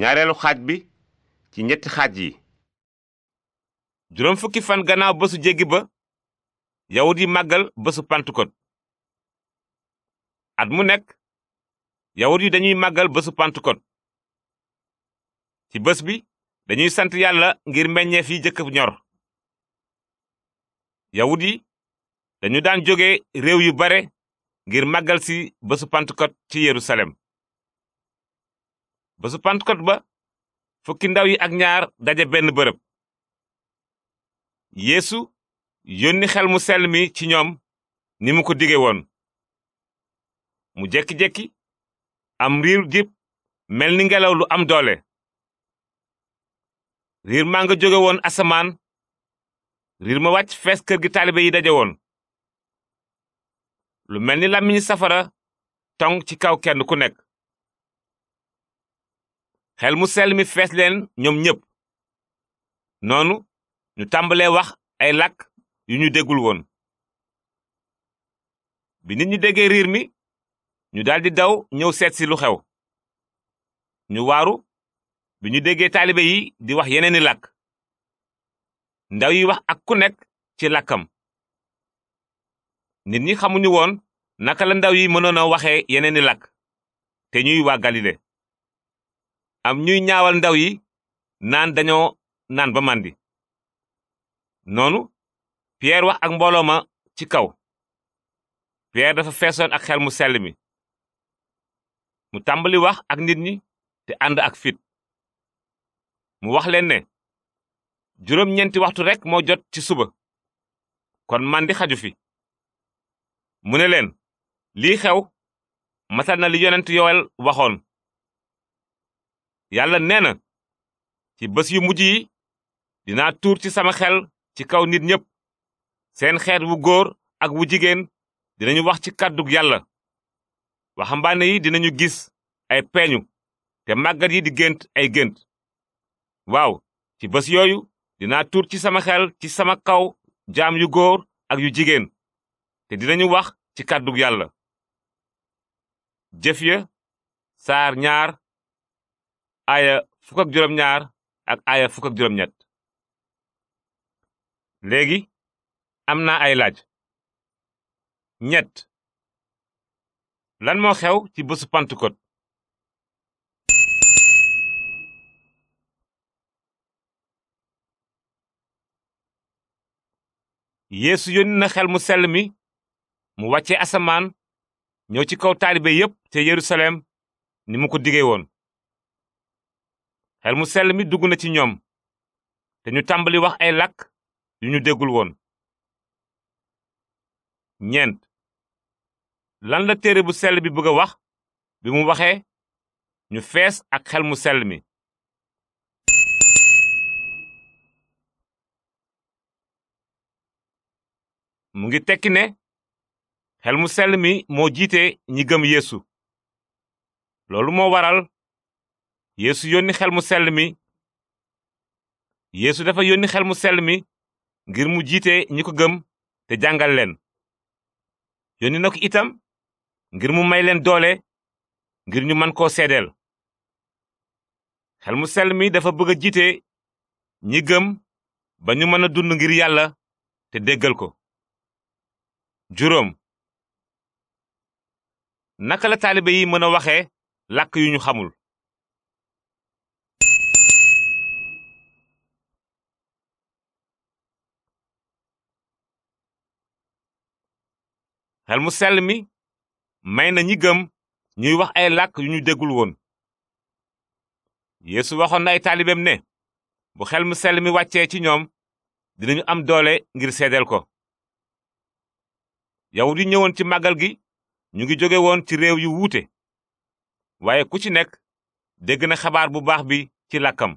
ñaareelu xaaj bi ci ñetti xaaj yi juróom fukki fan gannaaw bésu jéggi ba yawut yi màggal bésu pantukot at mu nekk yawut yi dañuy màggal bésu pantukot ci bés bi dañuy sant yàlla ngir meññeef yi jëkk ñor yawut yi dañu daan jóge réew yu bare ngir màggal si bésu pantukot ci yerusalem ba su ba fukki ndaw yi ak ñaar daje benn bërëb yeesu yónni xel mu sell mi ci ñoom ni mu ko dige woon mu jekki am riir jib mel ni ngelaw lu am doole riir maa nga jóge woon asamaan riir ma wàcc fees kër gi taalibe yi daje woon lu mel ni làmmiñu safara tong ci kaw kenn ku nekk xel mu sell mi fees leen ñoom ñépp noonu ñu tàmbalee wax ay làkk yu ñu déggul woon bi nit ñi déggee riir mi ñu daldi daw ñëw seetsi lu xew ñu waaru bi ñu déggee taalibe yi di wax yeneen i làkk ndaw yi wax ak ku nekk ci làkkam nit ñi xamuñu woon naka la ndaw yi mënoon waxe yeneen i làkk te ñuy waa Galile am ñuy ñaawal ndaw yi naan dañoo naan ba màndi noonu Pierre wax ak mbooloo ma ci kaw Pierre dafa feesoon ak xel mu sell mi mu tàmbali wax ak nit ñi te ànd ak fit mu wax leen ne juróom ñeenti waxtu rek moo jot ci suba kon màndi xaju fi mu ne leen lii xew matal na li yonent yowel waxoon yàlla nee na ci bës yu mujj yi dinaa tuur ci sama xel ci kaw nit ñépp seen xeet wu góor ak wu jigéen dinañu wax ci kàddug yàlla waxambaane yi dinañu gis ay peeñu te màggat yi di gént ay gént waaw ci bës yooyu dinaa tuur ci sama xel ci sama kaw jaam yu góor ak yu jigéen te dinañu wax ci kàddug yàlla jëf ya saar ñaar aaya fukk ak ak aaya fukk ak léegi am naa ay laaj ñett lan moo xew ci bésu Pentecôte yeesu yónni na xel mu sell mi mu wàccee asamaan ñëw ci kaw taalibe yépp te yerusalem ni mu ko dige woon xel mu sell mi dugg na ci ñoom te ñu tàmbali wax ay làkk yu ñu déggul woon ñeent lan la téere bu sell bi bëgg wax bi mu waxee ñu fees ak xel mu sell mi mu ngi tekki ne xel mu sell mi moo jiite ñi gëm yeesu loolu moo waral yéesu yónni xel mu sell mi yeesu dafa yónni xel mu sell mi ngir mu jiite ñi ko gëm te jàngal leen yónni na itam ngir mu may leen doole ngir ñu man koo seedeel xel mu sell mi dafa bëgg jiite ñi gëm ba ñu mën a dund ngir yàlla te déggal ko juróom naka la taalibe yi mën a waxe làkk yu ñu xamul xel mu sell mi may na ñi gëm ñuy wax ay làkk yu ñu déggul woon yéesu waxoon na ay taalibeem ne bu xel mu sell mi wàccee ci ñoom dinañu am doole ngir seedeel ko yawut yi ñëwoon ci màggal gi ñu ngi jóge woon ci réew yu wuute waaye ku ci nekk dégg na xabaar bu baax bi ci làkkam